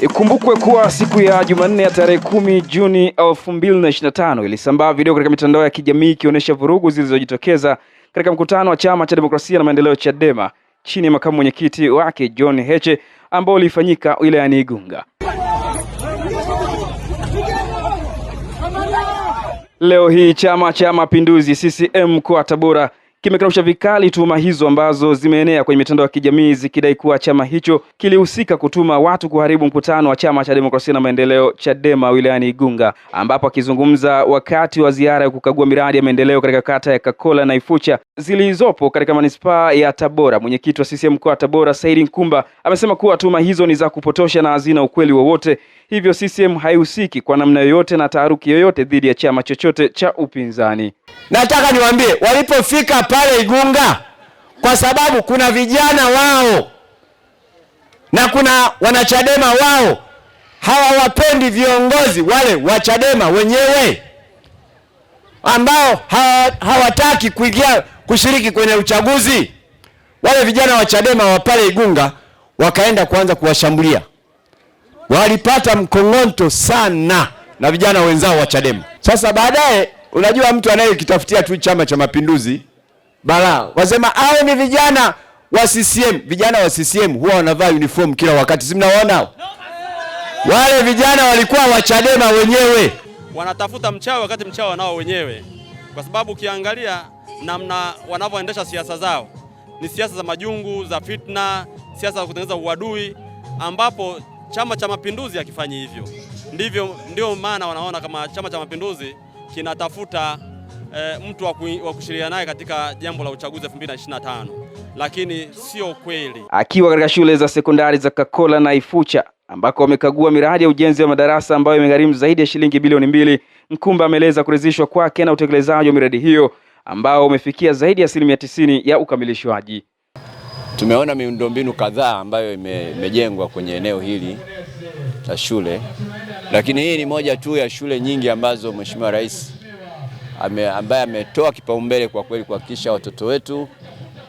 Ikumbukwe kuwa siku ya Jumanne ya tarehe kumi Juni 2025 ilisambaa video katika mitandao ya kijamii ikionyesha vurugu zilizojitokeza katika mkutano wa Chama cha Demokrasia na Maendeleo Chadema chini ya makamu mwenyekiti wake John Heche ambao ulifanyika wilayani Igunga. Leo hii Chama cha Mapinduzi CCM kwa Tabora kimekanusha vikali tuhuma hizo ambazo zimeenea kwenye mitandao ya kijamii zikidai kuwa chama hicho kilihusika kutuma watu kuharibu mkutano wa chama cha demokrasia na maendeleo Chadema wilayani Igunga, ambapo akizungumza wakati wa ziara ya kukagua miradi ya maendeleo katika kata ya Kakola na Ifucha zilizopo katika manispaa ya Tabora, mwenyekiti wa CCM mkoa wa Tabora Said Nkumba amesema kuwa tuhuma hizo ni za kupotosha na hazina ukweli wowote, hivyo CCM haihusiki kwa namna yoyote na taharuki yoyote dhidi ya chama chochote cha upinzani. Nataka niwaambie walipofika pale Igunga, kwa sababu kuna vijana wao na kuna wanachadema wao hawawapendi viongozi wale wa Chadema wenyewe ambao hawataki kuingia kushiriki kwenye uchaguzi. Wale vijana wa Chadema wa pale Igunga wakaenda kuanza kuwashambulia, walipata mkong'onto sana na vijana wenzao wa Chadema. Sasa baadaye Unajua, mtu anayekitafutia tu Chama cha Mapinduzi bala, wasema au ni vijana wa CCM. Vijana wa CCM huwa wanavaa uniform kila wakati, si mnaona? Wale vijana walikuwa wachadema wenyewe, wanatafuta mchawi wakati mchawi wanao wenyewe, kwa sababu ukiangalia namna wanavyoendesha siasa zao ni siasa za majungu, za fitna, siasa za kutengeneza uadui, ambapo Chama cha Mapinduzi hakifanyi hivyo. Ndivyo, ndio maana wanaona kama Chama cha Mapinduzi kinatafuta e, mtu wa kushiria naye katika jambo la uchaguzi 2025 lakini sio kweli. Akiwa katika shule za sekondari za Kakola na Ifucha ambako wamekagua miradi ya ujenzi wa madarasa ambayo imegharimu zaidi ya shilingi bilioni mbili, Nkumba ameeleza kuridhishwa kwake na utekelezaji wa miradi hiyo ambao umefikia zaidi ya asilimia tisini ya ukamilishwaji. Tumeona miundombinu kadhaa ambayo imejengwa kwenye eneo hili za shule, lakini hii ni moja tu ya shule nyingi ambazo Mheshimiwa Rais ame, ambaye ametoa kipaumbele kwa kweli kuhakikisha watoto wetu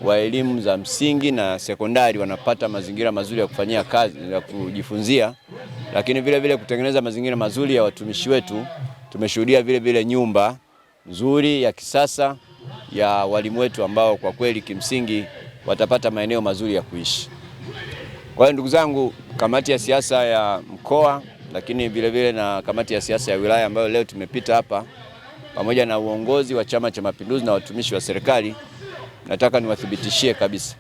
wa elimu za msingi na sekondari wanapata mazingira mazuri ya kufanyia kazi ya kujifunzia, lakini vile vile kutengeneza mazingira mazuri ya watumishi wetu. Tumeshuhudia vile vile nyumba nzuri ya kisasa ya walimu wetu ambao kwa kweli kimsingi watapata maeneo mazuri ya kuishi. Kwa hiyo ndugu zangu, kamati ya siasa ya mkoa, lakini vilevile na kamati ya siasa ya wilaya ambayo leo tumepita hapa pamoja na uongozi wa Chama cha Mapinduzi na watumishi wa serikali. Nataka niwathibitishie kabisa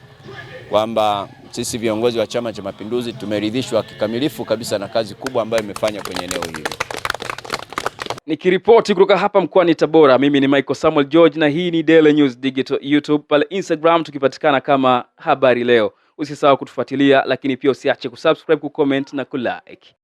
kwamba sisi viongozi wa Chama cha Mapinduzi tumeridhishwa kikamilifu kabisa na kazi kubwa ambayo imefanya kwenye eneo hili. Nikiripoti kutoka hapa mkoani Tabora, mimi ni Michael Samuel George na hii ni Daily News Digital, YouTube pale Instagram tukipatikana kama habari leo. Usisahau kutufuatilia, lakini pia usiache kusubscribe, kucomment na kulike.